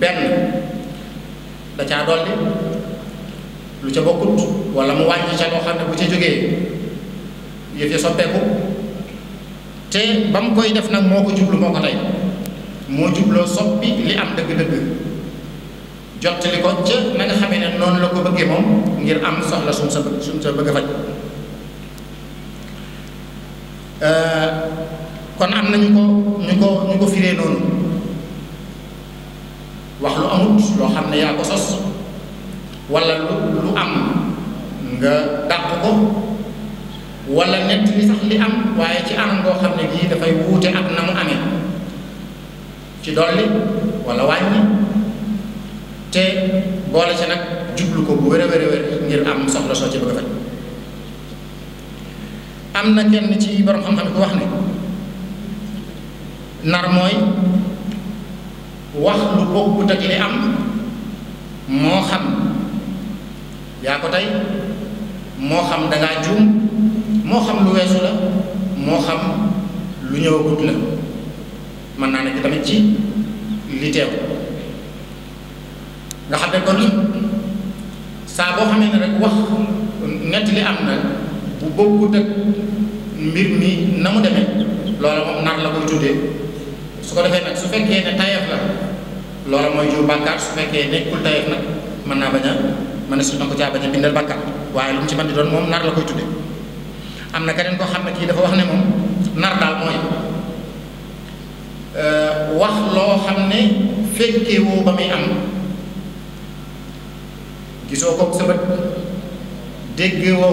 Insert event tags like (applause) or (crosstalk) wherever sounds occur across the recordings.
benn da caa dolli lu ca bokkut wala mu wàññi ca loo xam ne bu ca jógee yëf ya soppeeku te ba mu koy def nag moo ko jublu moo ko tey moo jubloo soppi li am dëgg-dëgg jottali ko ca na nga xamee ne noonu la ko bëggee moom ngir am soxla suñ sa bëgg suñ sa bëgg faj euh, kon am na ñu ko ñu ko ñu ko firee noonu wax lu amut loo xam ne yaa ko sos wala lu lu am nga dàq ko wala nett li sax li am waaye ci am boo xam ne gii dafay wuute ak na mu amee ci dolli wala wàññi te boole ci nag jublu ko bu wér a wér a wér ngir am soxla soo ci bëgg faj am na kenn ci borom xam-xam ku wax ne nar mooy wax lu bokkut li am moo xam yaa ko tey moo xam dangaa juum moo xam lu weesu la moo xam lu ñëwagut la mën naa nekk tamit ci li teew nga xam ne kon saa boo xamee ne rek wax nett li am na bu bokkut mbir mi na mu demee loola moom nar la koy tuddee su ko defee nag su fekkee ne tayeef la loola mooy jur bàkkaar su fekkee nekkul tayef nag mën naa bañ a mën na su ko caa bañ a bindal bàkkaar waaye lu mu ci mën di doon moom nar la koy tudde am na keneen koo xam ne kii dafa wax ne moom nar daal euh, xam ne fekkee woo ba gisoo ko sa bët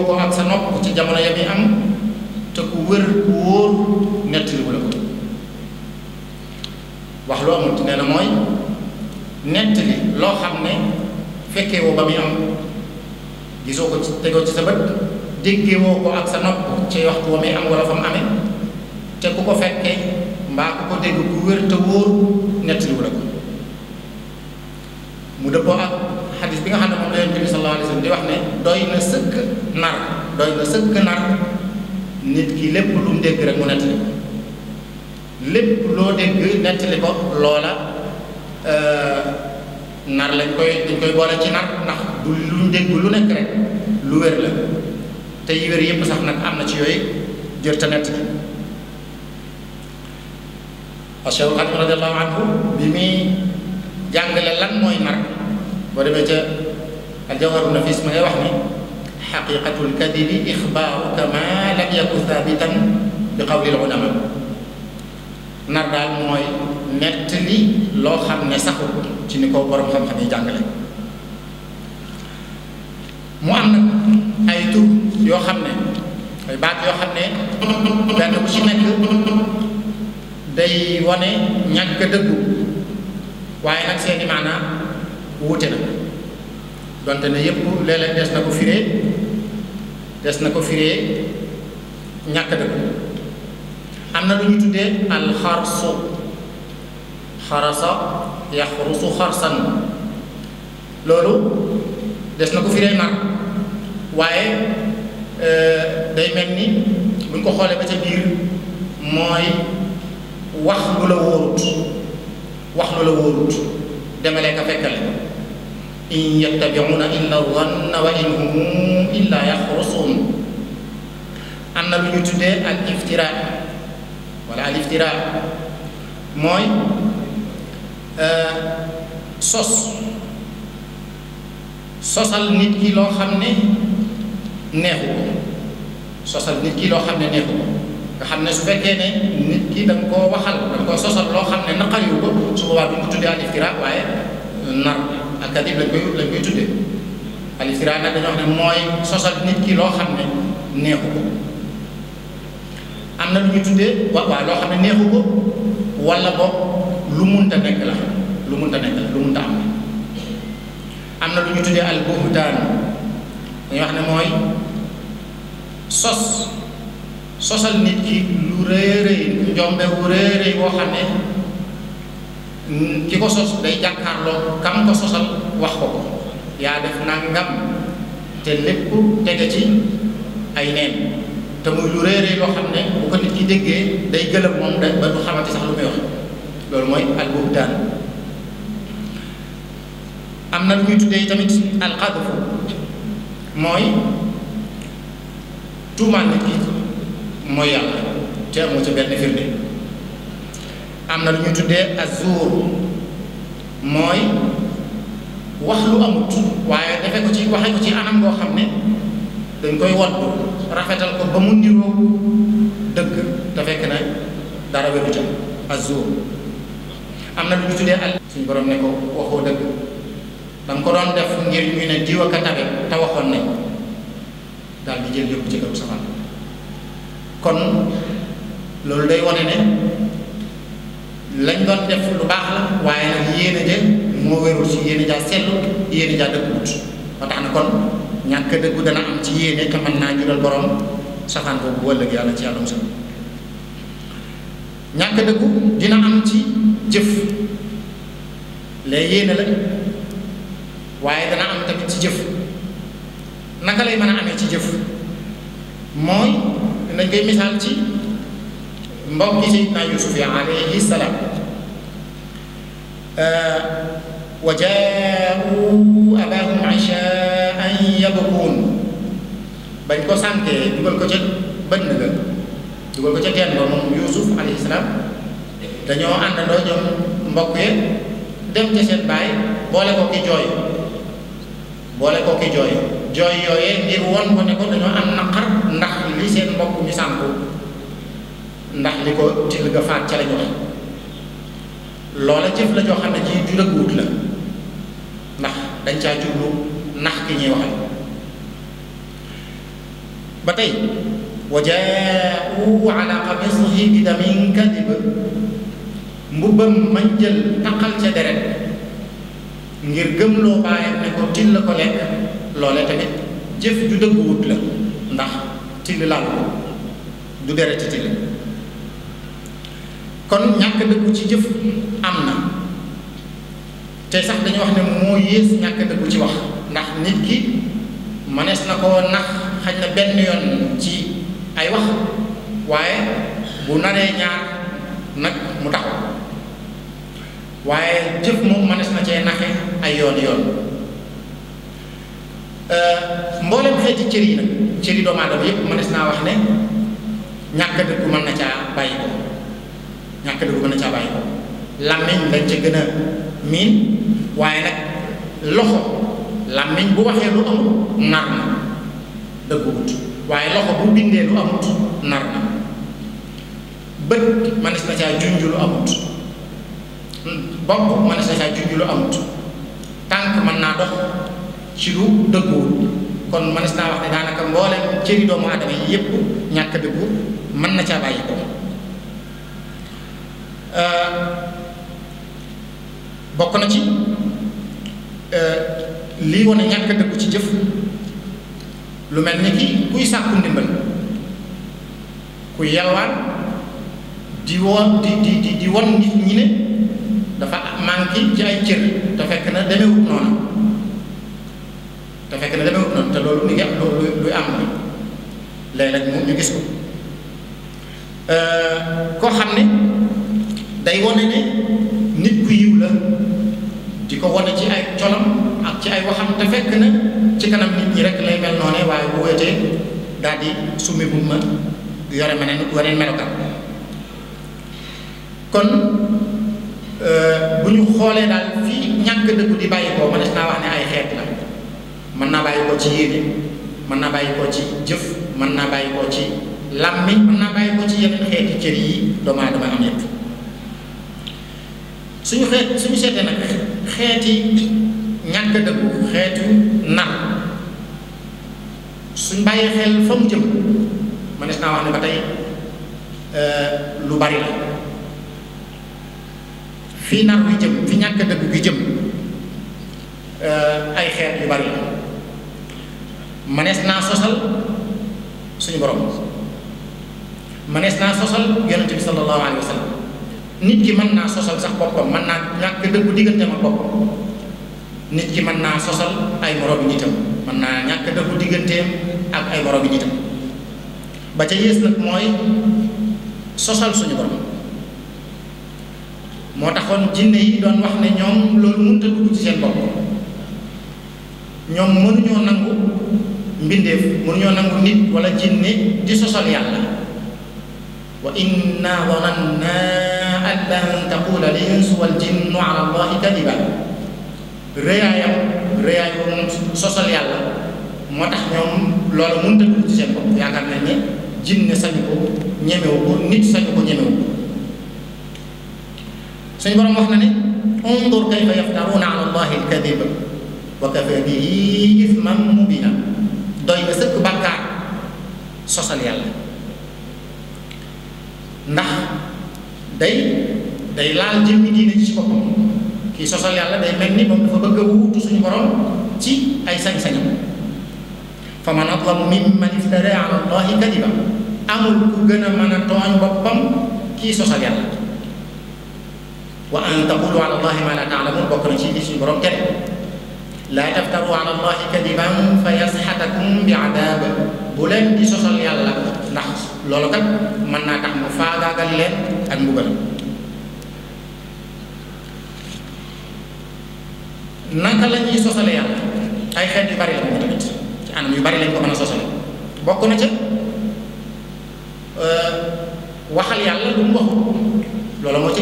ko ak sa nopp ci jamono ya muy am te ku wër ku wóor nettali wu la wax lu amul nee na mooy nent loo xam ne fekkee woo ba muy am gisoo ko ci tegoo ci sa bët déggee woo ko ak sa nopp ci waxtu wa muy am wala fa mu amee te ku ko fekkee mbaa ku ko dégg ku wér te wóor nett li ko mu dëppoo ak xadis bi nga xam ne moom la yonent bi ne doy na sëkk nit ki lépp lu mu dégg rek mu nettali ko lépp loo dégg nettali ko loola euh, nar lañ koy dañ koy boole ci nar ndax du luñ dégg lu nekk rek lu wér la te yi wér yépp sax nag am na ci yooyu jër ta nett bi Cheikh Xadim radiallahu anhu bi muy jàngale lan mooy nar boo demee ca aljawharu nafis ma ngay wax ni xaqiqatu lkadibi ixbaaru kama lam yaku thabitan bi qawli l ulama nar daal mooy nettali loo xam ne saxul ci ni ko borom xam-xam yi jàngale mu am nag ay tur yoo xam ne ay baat yoo xam ne benn bu ci nekk day wane ñàkk dëggu waaye nag seeni maanaam wuute na donte ne yépp léeg des na ko firee des na ko firee ñàkk dëggu am na lu ñu tuddee alxarsu xarasa yaxrusu xarsan loolu des na ko fi ree waaye euh, day mel ni buñ ko xoolee ba ca biir mooy wax lu la wóorut wax lu la wóorut demalee ka fekkale in yattabi'una illa dhanna wa in hum illa yaxrusun am na lu ñu tuddee al al mooy euh, sos sosal nit ki loo xam ne neexu ko sosal nit ki loo xam ne neexu ko nga xam ne su fekkee ne nit ki da nga koo waxal da nga koo sosal loo xam ne naqariwu ko su boobaa duñ tuddee al nag dañoo ne mooy sosal nit ki loo xam ne neexu ko am na lu ñu tuddee waaw waaw loo xam ne neexu ko wala boog lu munta nekk la nekk la lu munta am na am na lu ñu tuddee al buhtaan wax ne mooy sos sosal nit ki lu rëy rëy njombe wu rëy rëy boo xam ne ki ko sos day jàkkaarloo kam ko sosal wax ko ko yaa def nangam te lépp tege ci ay neen te muy lu réeree loo xam ne bu ko nit ki déggee day gëlëb moom day ba du xamante sax lu muy wax loolu mooy albuhtaan am na lu muy tuddee tamit alxadfu mooy tuumaal nit ki mooy yàlla te amoo ca benn firnde am na lu muy tuddee azuur mooy wax lu amut waaye defe ko ci waxe ko ci anam moo xam ne dañ koy won rafetal ko ba mu niroo dëgg te fekk na dara wetu ca azur am na lu ñu tuddee al suñu borom ne ko waxoo dëgg da ko doon def ngir ñu ne diw ak a tabe te waxoon nañ daal di jël yóbbu ci kaw kon loolu day wone ne lañ doon def lu baax la waaye nag yéen a jël moo wérul si yéen a jaa seetlu yéen a jaa dëgg ba tax kon ñàkk dëggu dana am ci yéene te naa jural borom safaan boobu bu ëllëg yàlla ci yàlla musal ñàkk dëggu dina am ci jëf lee yéene la waaye dana am tamit ci jëf naka lay mën a amee ci jëf mooy dañ koy misaal ci mbokk yi Seydina Yuusuf ya alayhi salaam wa yabkuun bañ ko sànkee dugal ko ca bënn ga dugal ko ca teen ba moom yuusuf alayhi salaam dañoo àndandoo ñoom mbokk yi dem ca seen baay boole ko ki jooy boole ko ki jooy jooy yooyee ngir won ko ne ko dañoo am naqar ndax li seen mbokk ñu sànku ndax li ko till ga ca lañu wax loola jëf la joo xam ne ji ju wut la ndax dañ caa jublu nax ki ñuy waxal ba tey wa jaau ala qamisihi bi damin kadib mbubbam mañ jël taqal ca deret ngir gëmloo baayam ne ko till ko lekk loole tamit jëf ju dëgguwut la ndax till laal du dereti till kon ñàkk dëggu ci jëf am na te sax dañu wax ne moo yées ñàkk dëggu ci wax ndax nit ki mënees na koo nax xaj na benn yoon ci ay wax waaye bu naree ñaar nag mu taxaw waaye jëf moom mënees na cee naxe ay yoon yoon euh, mboolem xeeti cër yi nag cër yi doomu aadama yépp mënees naa wax ne ñàkk dëggu mën na caa bàyyi ko ñàkk dëggu mën na caa bàyyi ko làmmiñ dañ ca gën a miin waaye nag loxo làmmiñ bu waxee lu amul nar na dëgguwut waaye loxo bu bindee lu amut nar na bët mënees na caa junj lu amut hmm, bopp mënees na caa junj lu amut tànk mën naa dox ci lu dëgguwut kon mënees naa wax ne daanaka mboolem cëri doomu aadama yi yépp ñàkk dëggu mën na caa bàyyi ko euh, bokk na ci euh, lii wane ñàkk dëggu ci jëf lu mel ni ki kuy sàkku ndimbal ku yalwaan di woon di di di won nit ñi ne dafa manqué ci ay cër te fekk na demewut noonu te fekk na demewut noonu te loolu mi ngi am loolu luy am bi léeg-léeg ñu gis ko euh, koo xam ne day wone ne nit ku yiw la di ko wone ci ay colom ci ay waxam te fekk na ci kanam nit ñi rek lay mel noonee waaye bu wéetee daal di summi bu ma yore meneen melokaan kon euh, bu ñu xoolee daal fii ñàkk dëggu di bàyyi koo mënees naa wax ne ay xeet la mën naa bàyyi ci yéene mën naa bàyyi ci jëf mën naa bàyyi koo ci làmmiñ mën naa bàyyi koo ci yeneen xeeti cër yi doomu aadama am yëpp suñu xeet suñu seetee nag xeeti ñàkk dëkku xeetu nar suñ bàyyee xel fa mu jëm euh, lu bari la fii nar bi jëm fi ñàkk dëkku gi jëm euh, ay xeet yu bari la mënees naa sosal suñu borom mënees naa sosal yonente bi sallallahu alayhi wa sallam nit ki mën naa sosal sax boppam mën naa ñàkk dëkku diggante ma boppam nit ki mën naa sosal ay moroomi nitam mën naa ñàkk dëggu digganteem ak ay moroomi nitam ba ca yées nag mooy sosal suñu borom moo taxoon jinne yi doon wax ne ñoom loolu mënta dugg ci seen bopp ñoom mënuñoo nangu mbindeef mënuñoo nangu nit wala jinne di sosal yàlla wa inna zananna an lan taqula al insu jinnu ala allahi rëyaayam rëyaay bu mu sosal yàlla moo tax ñoom loolu mënut a dugg ci seen bopp yaakaar nañ ne sañu ko ñemewu ko nit sañu ko ñemewu ko suñ borom wax na ne undur kayfa yaftaruuna ala allahi alkadiba wa kafa bihi ithman mubina doy na sëkk bàkkaar sosal yàlla ndax day day laal jëmmi diine ci boppam kii sosal yàlla day eh, mel ni moom dafa bëgg a borom ci ay sañ-sañam fa man adlamu mimman a mën a tooñ boppam kii sosal yàlla wa an taqulu ala allahi ma la taalamun bokk ci li suñu borom kenn laa taftaru ala allahi fa yasxatakum bi adab bu leen di sosal yàlla ndax loolu kat mën naa tax mu naka la ñuy sosale yàlla ay xeet yu bari la moom tamit ci anam yu bari lañ ko mën a sosale bokk na ca euh, waxal yàlla lu mu waxut loola moo ci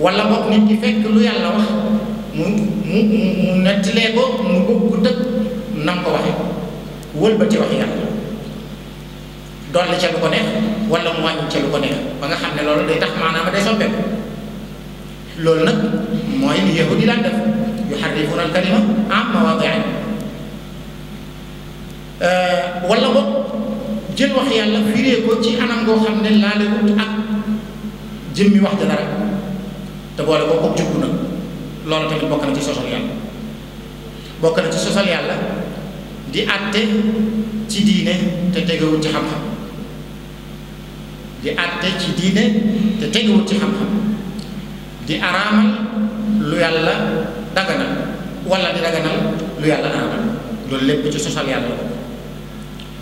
wala boog nit ki fekk lu yàlla wax mu mu mu nettilee ko mu bëgg dëkk nam ko waxee wëlbati wax yàlla dolli ca lu ko neex wala mu wàññi ca lu ko neex ba nga xam ne loolu day tax maanaam day soppeeku. loolu nag mooy li yahudi daan def yuharrifuuna al-kalima an mawaadi'ihi euh, wala boog jël wax yàlla firee ci anam goo xam ne laalewut ak mi wax ja dara te boole ko koog jubbu nag loolu tamit bokk na ci sosal yàlla bokk na ci sosal yàlla di àtte ci diine te tegewul ci xam-xam di àtte ci diine te tegewul ci xam-xam. di araamal lu yàlla daganal wala di daganal lu yàlla araamal loolu lépp ci sosal yàlla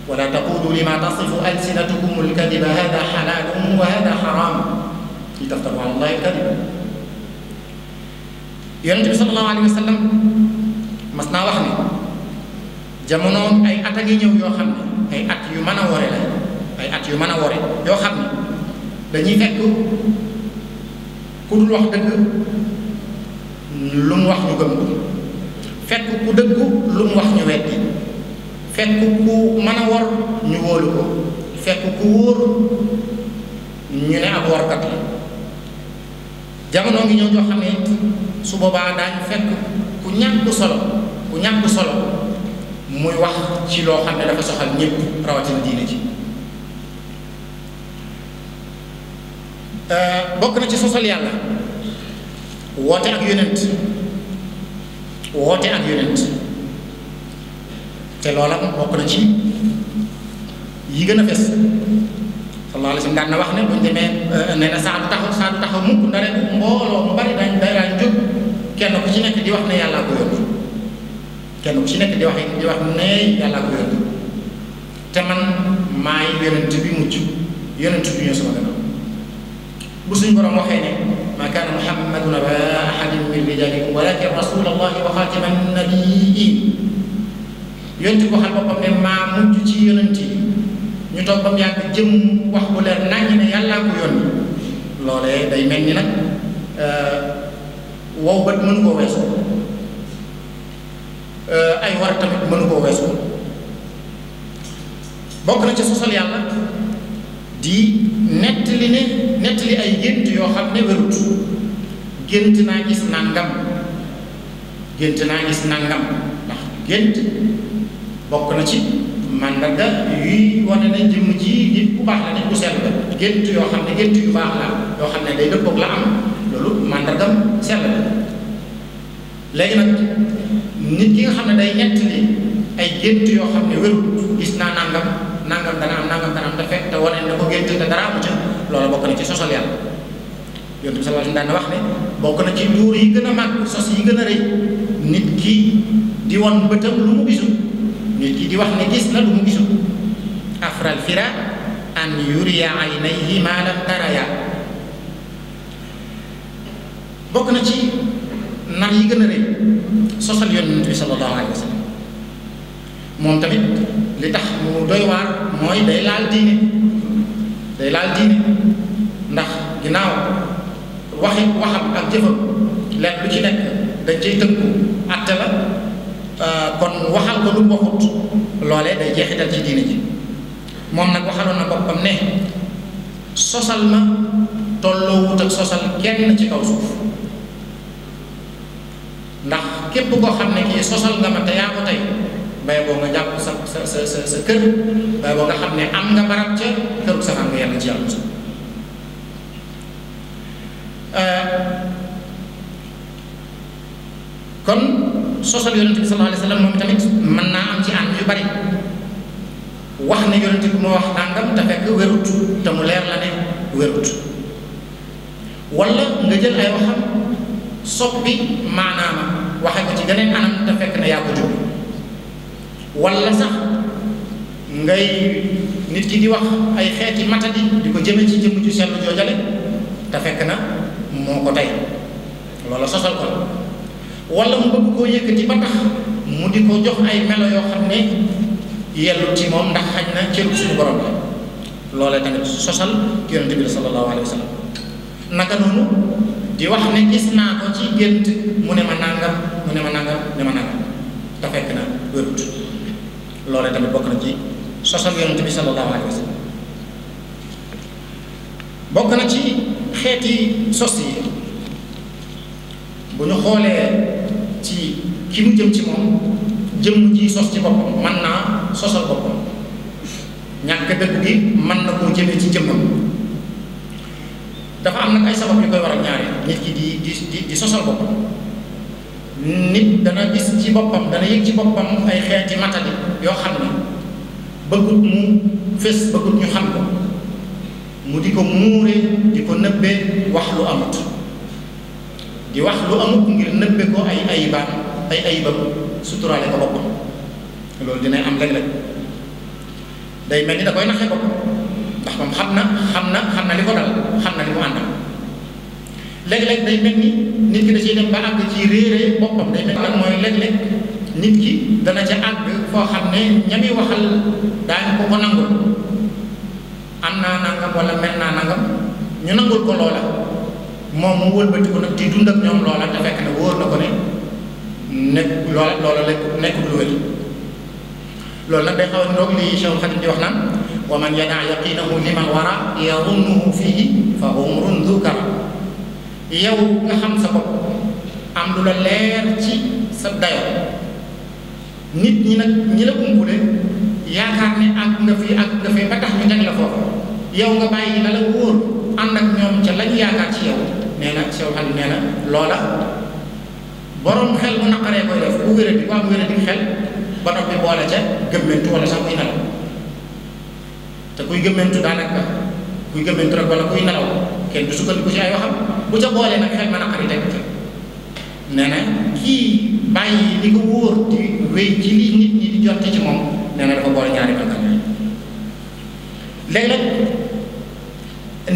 la ko lima tasifu alsinatukum alkadiba hada xalaalun wa hada xaraam litaftaru ala allahi alkadiba yonente bi salallahu alayhi wa sallam mas naa wax ne jamonoom ay at a ñëw yoo xam ay at yu mën a wore ay at yu mën a wore yoo xam ku dul wax dëgg lu mu wax ñu gëm ko fekk ku dëggu lu mu wax ñu weddi fekk ku mën a wor ñu wóolu ko fekk ku wóor ñu ne ab warkat la jamono ngi ñëw joo xam ne su boobaa daañu fekk ku ñàkk solo ku ñàkk solo muy wax ci loo xam ne dafa soxal ñëpp rawatin diine ci Euh, bokk na ci sosal yàlla woote ak yonent woote ak yonent te loola bokk na ci yi gën a fes sallallahu alayhi wa sallam daan na wax ne buñ demee euh, nee na saa du taxaw saa mukk ndare mbooloo mu bari dañ daan jóg kenn ku ci nekk di wax na yàllaa ko yónni kenn ku ci nekk di wax di wax yàllaa ko yónni te man maay yonent bi mujj yonent bi ñoo sama gën bu suñ borom waxee ne maa kaana muhammadun aba ahadin min rijaalikum walakin rasulallahi wa xaatiman nabiyyiin yonent bi waxal boppam ne maa mujj ci yonent yi ñu toog ba mu yàgg jëm wax bu leer naññ ne yàllaa ko yónni loolee day mel ni nag uh, wow bët mënu koo weesu uh, ay war tamit mënu koo weesu bokk na ci sosal yàlla di nettali ne nettali ay gént yoo xam ne wérut gént naa gis nangam gént naa gis nangam ndax gént bokk na ci màndarga yuy wane ne jëmm ji bu baax la nit bu sell la gént yoo xam ne gént yu baax la yoo xam ne day dëppoog la am loolu màndargam sell la léegi nag nit ki nga xam ne day nettali ay gént yoo xam ne wérut gis naa nangam nangam dana am nangam dana am te fekk te wane na ko gént te dara amu ca loolu bokk na ci sosal yàlla yonent bi sallallahu na wax ne bokk na ci luur yi gën a mag sos yi gën a rëy nit ki di wax ne gis na lu mu fira an yuriya ma lam bokk na ci nar yi gën a rëy sosal yonent bi sallallahu alayhi wasallam moom tamit li tax mu doy waar mooy day laal diine day laal diine ndax ginnaaw waxi waxam ak jëfam leen ci nekk dañ cay tënku àtte la euh, kon waxal ko lu bokkut loolee day jeexital ci diine ji moom nag waxaloon na boppam ne sosal ma tolloowut ak sosal kenn ci kaw suuf ndax képp koo xam ne kii sosal nga ma te yaa ko tey bay boo nga jàpp sa sa sa sa kër bay boo nga xam ne am nga barab ca këru safar nga yàlla ci yàlla euh, kon sosal yonente bi sallallahu alayhi wasallam moom tamit mën naa am ci ànd yu bari wax ne yonente bi moo wax tàngam te fekk wérut te mu leer la ne wérut wala nga jël ay waxam soppi maanaama waxe ko ci geneen anam te fekk ne yaa walla sax ngay nit ki di wax ay xeeti matadi di ko jëme ci jëmm ju sell joojale te fekk na moo ko tey loola sosal ko walla mu bëgg koo yëkkati ba tax mu di ko jox ay melo yoo xam ne yellu ci moom ndax xaj na cëru suñu borom la loolee tamit sosal yonente bi sallallahu alayhi wa sallam naka noonu di wax ne gis naa ko ci gént mu ne ma nangam mu ne ma nangam ne ma nangam te fekk na wérut loolee tamit bokk na ci sosal yonent bi sallallahu alayhi wa sallam bokk na ci xeeti sos yi bu ñu xoolee ci ki mu jëm ci moom jëm ji sos ci boppam mën naa sosal boppam ñàkk dëgg bi mën na koo jëmee ci jëmmam dafa am na ay sabab yu koy waral ñaare nit ki di di di sosal boppam nit dana gis ci boppam dana yëg ci boppam ay xeeti matadi yoo xam ne bëggut mu fés bëggut ñu xam ko mu di ko muure di ko nëbbee wax lu amut di wax lu amut ngir nëbbe ko ay ayibaan ay ayibam suturaale ko boppam loolu dina am léeg-léeg day mel ni da koy naxe boppam ndax moom xam na xam na xam na li ko dal xam na li mu àndal léeg-léeg day mel ni nit ki da ciy dem ba àgg ci réere boppam day mel nag mooy léeg-léeg nit ki dana ca àgg foo xam ne ñami waxal daañu ko ko nangul am naa nangam wala mel naa nangam ñu nangul ko loola moom mu wëlbati ko nag di dund ñoom loola te fekk na wóor na ko ne nekk loola lekk nekkul lu wér loolu nag day xaw a niroog li Cheikh Khadim di wax naan wa man yadaa yaqinahu liman wara yadunnuhu fihi fa umrun dukara yow nga xam sa bopp am lu la leer ci sa dayoo nit ñi nag ñi la umbule yaakaar ne àgg nga fi àgg nga fi ba ñu teg la foofu yow nga bàyyi na la wóor ànd ak ñoom ca lañu yaakaar ci yow nee na Seex Xaadim nee na loola boroom xel bu naqaree koy def bu wéradi bu am wéradi xel ba noppi boole ca gëmmentu wala sax kuy nelaw te kuy gëmmentu daanaka kuy gëmmentu rek wala kuy nelaw kenn du sukkandiku ci ay waxam bu ca boolee nag xel mën a am teg nee na kii bàyyi li ko wóor di wéy ci li nit ñi di jotte ci moom nee na dafa boole ñaari nag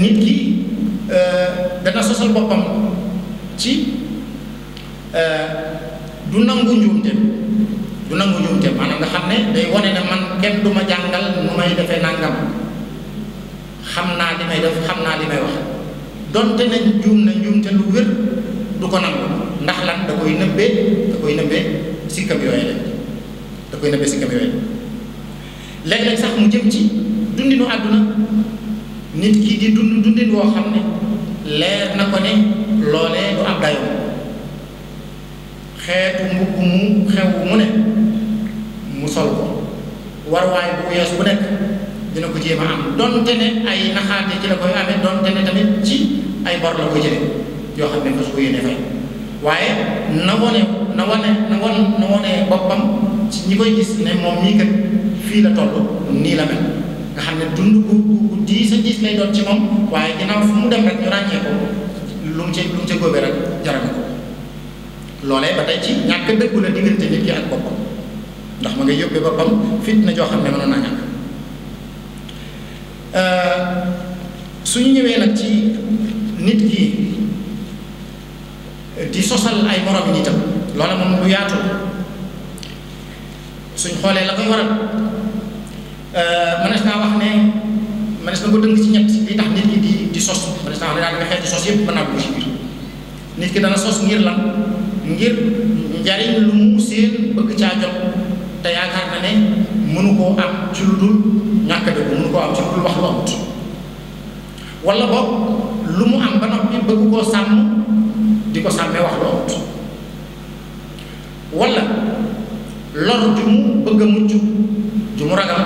nit ki eh, eh, du nangu njuumte du nangu njuumte maanaam nga xam ne day wane ne man kenn du ma jàngal nu may defee nangam xam naa li may def xam naa li may wax donte ne juum na juum te lu wér du ko nangu ndax lan da koy nëbbee da koy nëbbee sikkam yooyu la da koy nëbbee sikkam yooyu léeg-léeg sax mu jëm ci dundinu àdduna nit ki di dundi dundin woo xam ne leer na ko ne loolee du am dayoo xeetu mbubb mu xew mu ne mu sol ko war waay bu yees bu nekk dina ko jéem a am donte ne ay naxaate ci la koy amee donte ne tamit ci ay bor la ko jëlee yoo xam ne fas ko yéene fay waaye na wone na wone na won na wone boppam ci ñi koy gis ne moom nii kat fii la toll nii la mel nga xam ne dund bu bu diis a diis lay doon ci moom waaye ginnaaw fu mu dem rek ñu ràññee ko lu mu ca lu mu ca góobee rek jarale ko loolee ba tey ci ñàkk dëggu la diggante nit ki ak boppam ndax ma nga yóbbee boppam fit na joo xam ne mënoon naa suñu ñëwee nag ci nit ki di sosal ay morom nitam loola moom lu yaatu suñ xoolee la koy waral euh, mënees naa wax ne mënees na ko dëng ci ñett li tax nit ki di di sos mënees naa wax ne daal nga xeeti sos yëpp mën naa ko ci biir nit ki dana sos ngir lan ngir njariñ lu mu bëgg caa jot te yaakaar na ne mënu koo am ci lu dul ñàkk a dëgg koo am ci lu dul wax lu amut wala boog lu mu am ba noppi bëgg koo sàmm di ko sàmmee wax lool wala lor ju mu bëgg a mucc ju mu ragal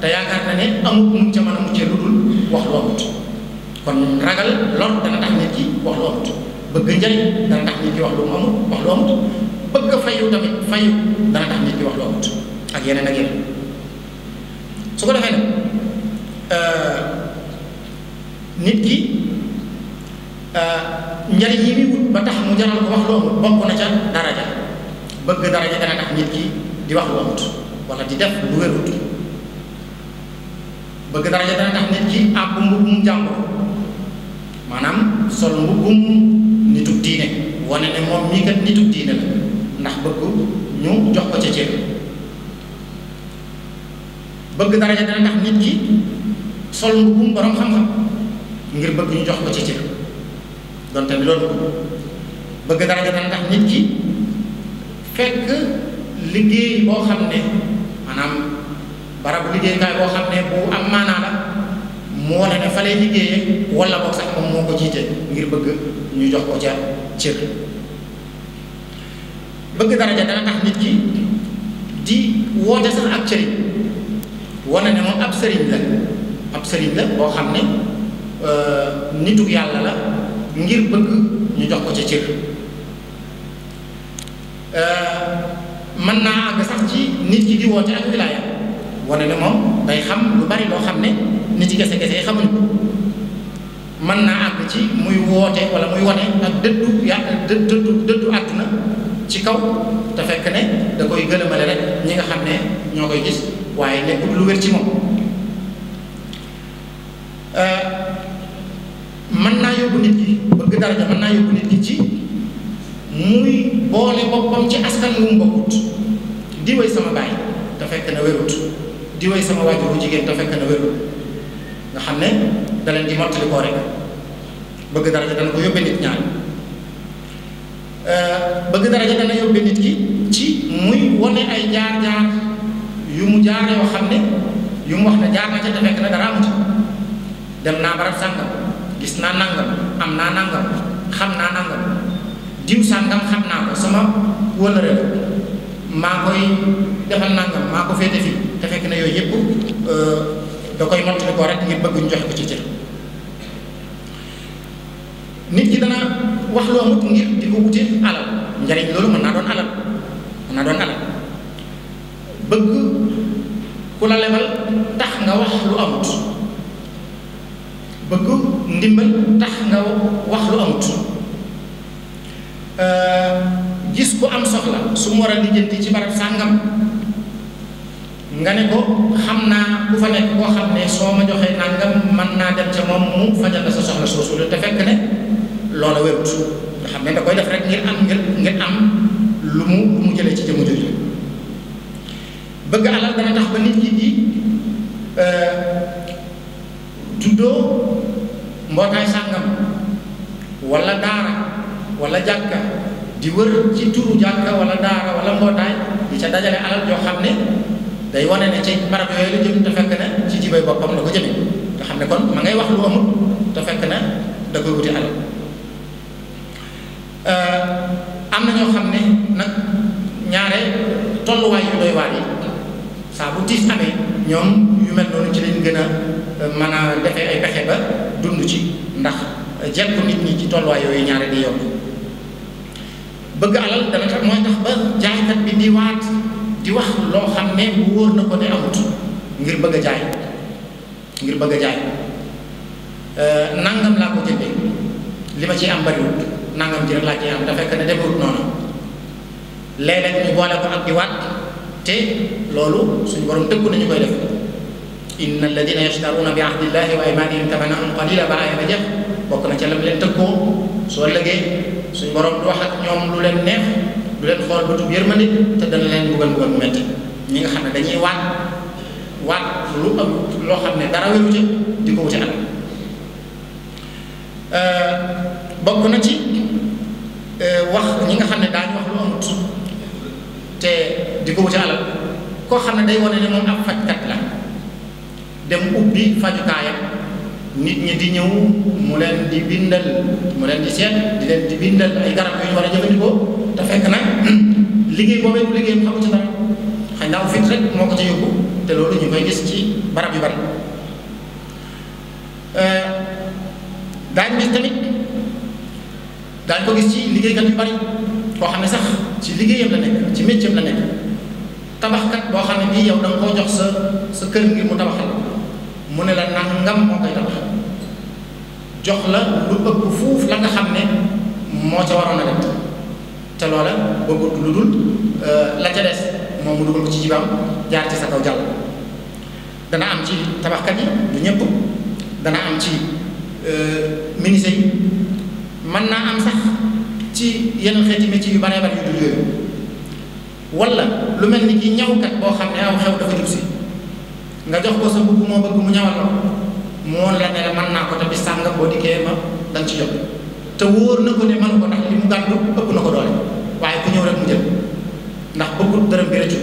te yaakaar na ne amut mu ca mën a muccee lu dul wax loolut kon ragal lor dana tax nit ki wax loolut bëgg njëriñ dana tax lu mu amut wax lu amut bëgg fayu tamit fayu dana tax nit ki wax lu ak yeneen ak yeneen su ko defee nag euh, nit ki euh, njariñ yi muy wut ba tax mu jaral ko wax loolu bokk na ca daraja bëgg daraja dana tax nit ki di wax lu amut wala di def lu wérut bëgg daraja dana tax nit ki àbb mbubbum jàmbur maanaam sol mbubbum nitub diine wane ne moom mii kat nitub diine la ndax bëgg ñu jox ko ca cër bëgg daraja dana tax nit ki sol mbubbum borom xam-xam ngir bëgg ñu jox ko ci cër donte bi loolu bëgg dara dana ndax nit ki fekk liggéey boo xam ne maanaam barabu liggéeykaay boo xam ne bu am maanaa la mu wane ne fa lay liggéeyee wala boog sax moom moo ko jiite ngir bëgg ñu jox ko ca cër bëgg daraja dana tax nit ki di woote sax ab sëriñ wane ne moom ab sëriñ la ab sëriñ la boo xam ne Euh, nitu yàlla la ngir bëgg ñu jox ko ci cër euh, mën naa àgg sax ci nit ki di woote ak wilaaya wane ne moom day xam lu bari loo xam ne nit ci gese gese xamuñ ko naa àgg ci muy woote wala muy wane ak dëddu ya dëddu dëddu àdduna ci kaw te fekk ne da koy gëlëmale rek ñi nga xam ne ñoo koy gis waaye nekkul lu wér ci moom daraja mën naa yóbbu nit ki ci muy boole boppam ci askan wi mu bokkut di sama baay te fekk na wérut di sama waajur bu jigéen te fekk na wérut nga xam ne da leen di mottali koo rek bëgg daraja dana ko yóbbee nit ñaar euh, bëgg daraja ci muy wane ay jaar-jaar yu yoo xam ne wax ne jaar na ca te fekk na dara amut dem naa barab sàngam gis naa nangam am naa nangam xam naa nangam diw sàngam xam naa ko sama wëlëre maa koy defal nangam maa ko féete fii te fekk na yooyu yëpp euh, da koy mott ko rek ngir bëgg ñu ko ci cër nit ki dana wax lu amut ngir di ko wute alal njariñ loolu mën naa doon alal mën naa doon alal bëgg ku la lebal tax nga wax lu amut bëgg ndimbal tax nga wax lu amut euh, gis ku am soxla su mu war a lijjanti ci barab sàngam nga ne ko xam naa ku fa nekk koo xam ne soo ma joxee nangam man naa dem ca moom mu fajal la sa soxla soosu la te fekk ne loola wérut nga xam ne nda koy def rek ngir am ngir ngir am lu mu mu jëlee ci jëmu jëli bëgg alal dana tax ba nit ñi di tuddoo euh, mbootaay sàngam wala daara wala jàkka di wër ci turu jàkka wala daara wala mbootaay di ca dajale alal joo xam ne day wane ne ci barab yooyu la jëm te fekk na ci jibay boppam la ko jëme nga xam ne kon ma ngay wax lu amut te fekk na da koy wuti alal euh, am na ñoo xam ne nag ñaare tolluwaay yu doy waar yi saa tiis amee ñoom yu mel noonu ci lañ gën a euh, mën a ay pexe ba dund ci ndax euh, jekku nit ñi ci tolluwaay yooyu ñaare di yokk bëgg alal dana tax mooy tax ba jaaykat bi di waat di wax loo xam ne wóor na ko ne amut ngir bëgg a jaay ngir bëgg a jaay euh, nangam laa ko jëndee li ma ciy am bariwut nangam ji rek laa ciy am te fekk ne defut noonu léeg-léeg ñu boole ko ak di waat te loolu suñu borom tëggu nañu koy def inna alladina yashtaruuna bi ahdillahi wa aymanihim thamanan qalila ba aya ba jeex bokk na ca lam leen tëggoo soo lëgee suñu borom du wax ak ñoom lu leen neex du leen xool bëtub yërmande te dana leen buggal buggal mu metti ñi nga xam ne dañuy waat waat lu loo xam ne dara wéru ca di ko wuti euh, bokk na ci ko ci koo xam ne day wane ne moom ab fajkat la dem ubbi fajukaayam nit ñi di ñëw mu leen di bindal mu leen di seet di leen di bindal ay garab yu ñu war a te fekk nag (clears throat) liggéey boobee bu liggéey ci moo ko ca yóbbu te loolu ñu koy gis ci barab yu bari euh, daañu gis tamit ko gis ci liggéey yu bari koo xam ne sax ci liggéeyam la nekk ci métier la nekk. tabaxkat boo xam ne bii yow da nga koo jox sa sa kër ngir mu tabaxal mu ne la nangam moo koy tabax jox la lu ëpp fuuf la nga xam ne moo ca waroon a def te loola bëggut lu dul euh, la ca des moom mu dugal ko ci jibaam jaar ci sa kaw jàll dana am ci tabaxkat yi du ñëpp dana am ci euh, menuisier yi mën naa am sax ci yeneen xeeti métier yu baree bari yu dul yooyu wala lu mel ni ki ñawkat boo xam ne aw xew dafa jub nga jox ko sa mbubb moo bëgg mu ñawal la moo la ne mën naa ko te bis sàngam boo dikkee ma danga ci jot te wóor na ko ne mën ko tax li mu gàddu ëpp na ko doole waaye ku ñëw rek mu jël ndax bëggul dërëm bi rëccu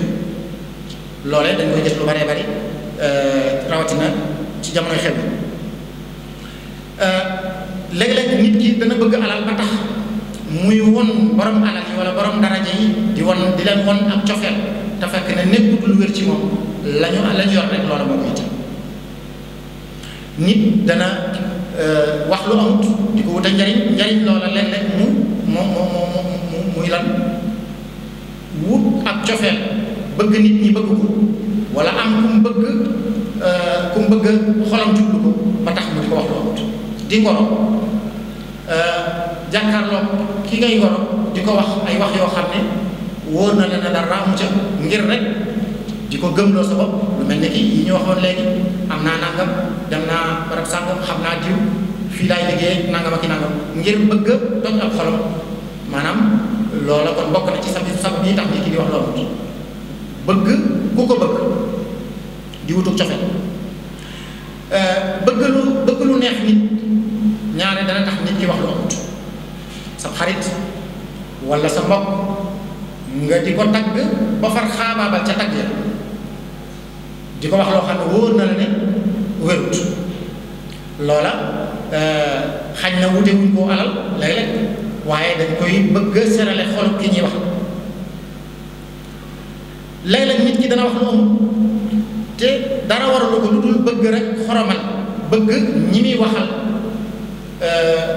loolee dañ koy def lu baree bari euh, rawatina ci jamonoy xew euh, léeg-léeg nit ki dana bëgg alal ba tax muy won borom alal yi wala borom daraja yi di won di leen won ak cofeel te fekk ne nekkut lu wér ci moom lañu lañu yor rek loola moo koy teg nit dana euh, wax lu amut di ko a njariñ njariñ loola léeg-léeg mu mu mu mu muy lan wut ak nit ñi bëgg ko wala mu euh, ko ba wax lu amut di ngoro euh, jàkkaarloo ki ngay ngoro di ko wax ay wax yoo xam ne wóor na la ne dara amu ca ngir rek di ko gëm loo bopp lu mel ne kii yi ñu waxoon léegi am naa nangam dem naa barab sàngam xam naa diw fii laay liggéeyee nangam ak i nangam ngir bëgg a toj ab xolam maanaam loola kon bokk na ci sab sab bii tax nit ki di wax loolu bëgg ku ko bëgg di wutuk cofe euh, bëgg lu bëgg lu neex nit ñaare dana tax nit ki wax loolu sa xarit wala sa mbokk nga di ko tagg ba far xaabaabal ca tagg ya di ko wax loo xam ne wóor na la ne wérut loola euh, xañ na wute wuñ alal léeg-léeg dañ koy bëgg a serale ki ñuy wax léeg-léeg nit ki dana wax lu te dara waralu ko lu dul bëgg rek xoromal bëgg ñi muy waxal euh,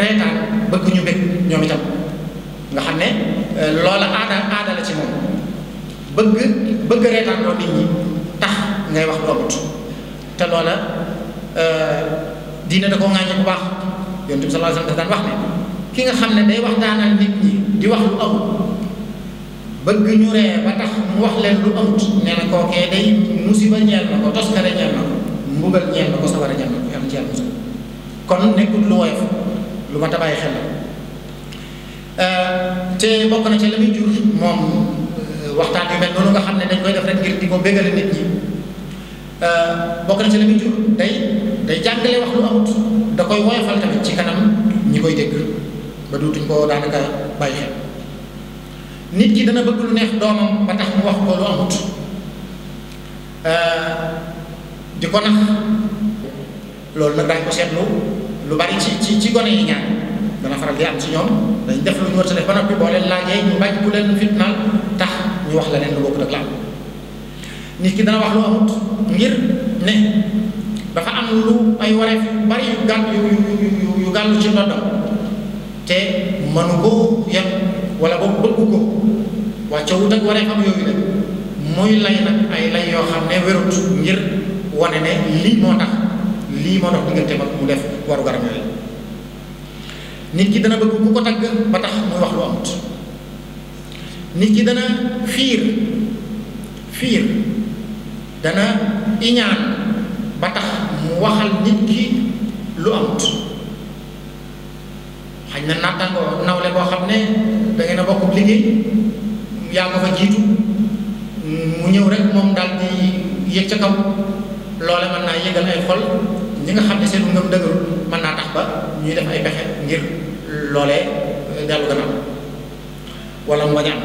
reetaan bëgg ñu bëgg ñoom itam nga xam ne euh, loola aada aada la ci moom bëgg bëgg reetaanloo nit ñi tax ngay wax doomut te loola euh, diine da koo ŋaañe bu baax yonent bi sallallahu alayhi wasallam daan wax ne ki nga xam ne day waxtaanal nit ñi di wax lu amut bëgg ñu ree ba tax mu wax leen lu amut nee na kookee day musiba ñeel na ko toskare ñeel na ko mbugal ñeel na ko sawara ñeel na ko yàlla ci yàlla kon nekkul lu woyof lu ma tabaay xel la euh, te bokk na ci la muy jur moom euh, waxtaan yu mel noonu nga xam ne dañ koy def rek ngir di ko bégale nit ñi euh, bokk na ci la muy jur day day jàngale wax lu amut da koy woyofal tamit ci kanam ñi koy dégg ba duutuñ ko daanaka bàyyi xel nit ki dana bëgg lu neex doomam ba tax mu wax ko amut di ko nax loolu nag daañ ko seetlu lu bari ci ci ci gone yi ñaan dana faral di am ci ñoom dañ def lu ñu war sa def ba noppi boo leen laajee ñu bañ ku leen fitnaal tax ñu wax la leen lu bokkut ak laal ki dana wax lu amut ngir ne dafa am lu ay wareef bari yu gàll yu yu yu gàllu ci ndoddam te mënu ko yem wala boobu bëggu ko wàcce wut ak wareefam yooyu nag muy lay nag ay lay yoo xam ne wérut ngir wane ne lii moo tax lii moo dox diggante mag mu def waru garam yooyu nit ki dana bëgg ku ko tagg ba tax muy wax lu amut nit ki dana fiir fiir dana iñaan ba tax mu waxal nit ki lu amut xañ na nattangoo nawle boo xam ne da ngeen a bokk liggéey yaa fa jiitu mu ñëw rek moom daal di yëg ca kaw loole mën naa yëgal ay xol ñi nga xam ne seen ngëm dëgërul mën naa tax ba ñuy def ay pexe ngir loolee dellu gannaaw wala mu bañ am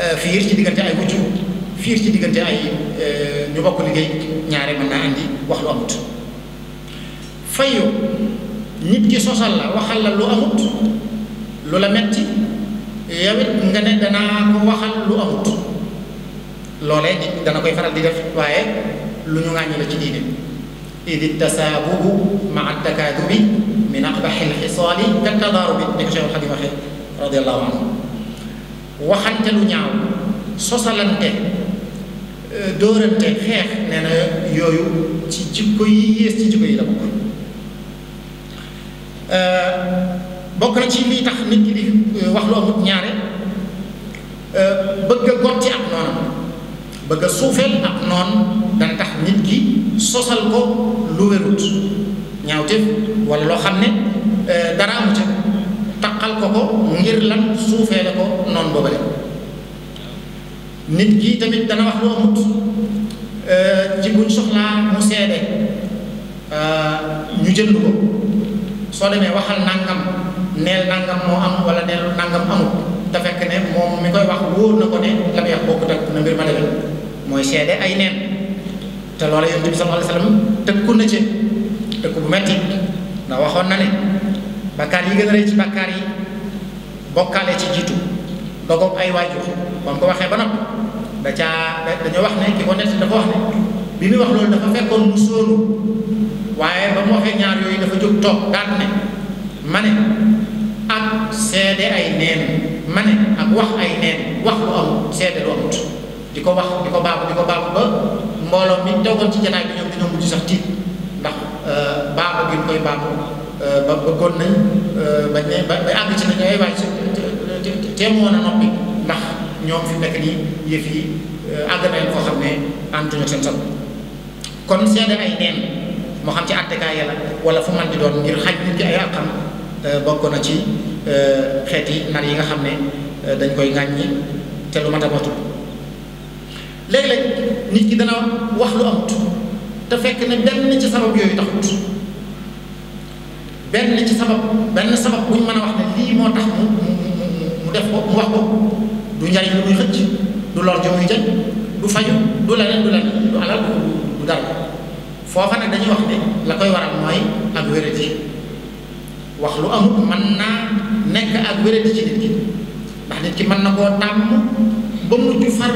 euh, fiir ci diggante ay wuccu fiir ci diggante ay euh, ñu bokk liggéey ñaare mën naa andi wax lu amut fayu nit ki sosal la waxal la lu amut lu la metti yawit nga ne danaa ko waxal lu amut loolee nit dana koy faral di def waaye lu ñu ŋàññi la ci diine idi tasaabubu maa takaadumi min aqbaxil xisaali ka tadaarubi ni ko Cheikh Xadim waxe radiallahu waxante lu ñaaw sosalante dóorante xeex nee na yooyu ci jikko yi yées ci jikko yi la bokk euh, bokk na ci lii tax nit ki di euh, wax lu amut ñaare euh, bëgg a gotti ab noonu bëgg a suufeel noonu dana tax nit ki sosal ko lu wérut ñaawteef wala loo xam ne eh, dara amu ca ko ko ngir lan suufeele ko noonu boobale nit ki tamit dana wax lu amut eh, ci buñ soxlaa mu seede eh, ñu jënd ko soo demee waxal nangam neel nangam moo am wala neel nangam amul te fekk ne moom mi koy wax wóor na ko ne la muy wax bokkut ak na mbir ma demee mooy seede ay neen te loolu yonent bi sallallahu alayhi tëkku na ci tëkku bu metti ndax waxoon na ne bakkaar yi gën a rëy ci bakkaar yi bokkaale ci jiitu dogoog ay waajur ba mu ko waxee ba noppi da caa dañoo wax ne ki ko nett dafa wax ne bi muy wax loolu dafa fekkoon mu sóonu waaye ba mu waxee ñaar yooyu dafa jóg toog daal ne ma ne ak seede ay neen ma ne ak wax ay neen wax lu amut seede lu amut di ko wax di ko baabu di ko baabu ba mbooloo mi toogoon ci jataay bi ñoom dañoo mujj sax tiit ndax euh, baabu gi koy baabu euh, ba bëggoon nañ euh, ba ne ba àgg ci nañ ay waay teemu woon a noppi ndax ñoom fi nekk nii yëf yi àgg nañ ko xam ne ànduñu seen sab kon seede ay neen moo xam ci àttekaay yàlla wala fu man di doon ngir xaj nit ki ay àqam bokk na ci xeeti nar yi nga xam ne dañ koy ngàññi te lu mat léeg-léeg nit ki dana wax lu amut te fekk ne benn ci sabab yooyu taxut benn ci sabab benn sabab bu ñu mën a wax ne lii moo tax mu mu def ko mu wax ko du njariñ lu muy xëcc du lor ju muy jañ du faju du leneen du leneen du alal du dara foofa nag dañuy wax ne la koy waral mooy ak wéradi wax lu amut man naa nekk ak wéradi ci nit ki ndax nit ki mën na koo tàmm ba mujj far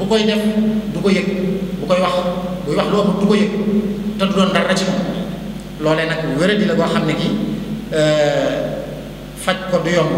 bu koy def du ko yëg bu koy wax buy wax loolu du ko yëg te du doon dara ci moom loolee nag wéradi la boo xam ne gi euh, faj ko du yomb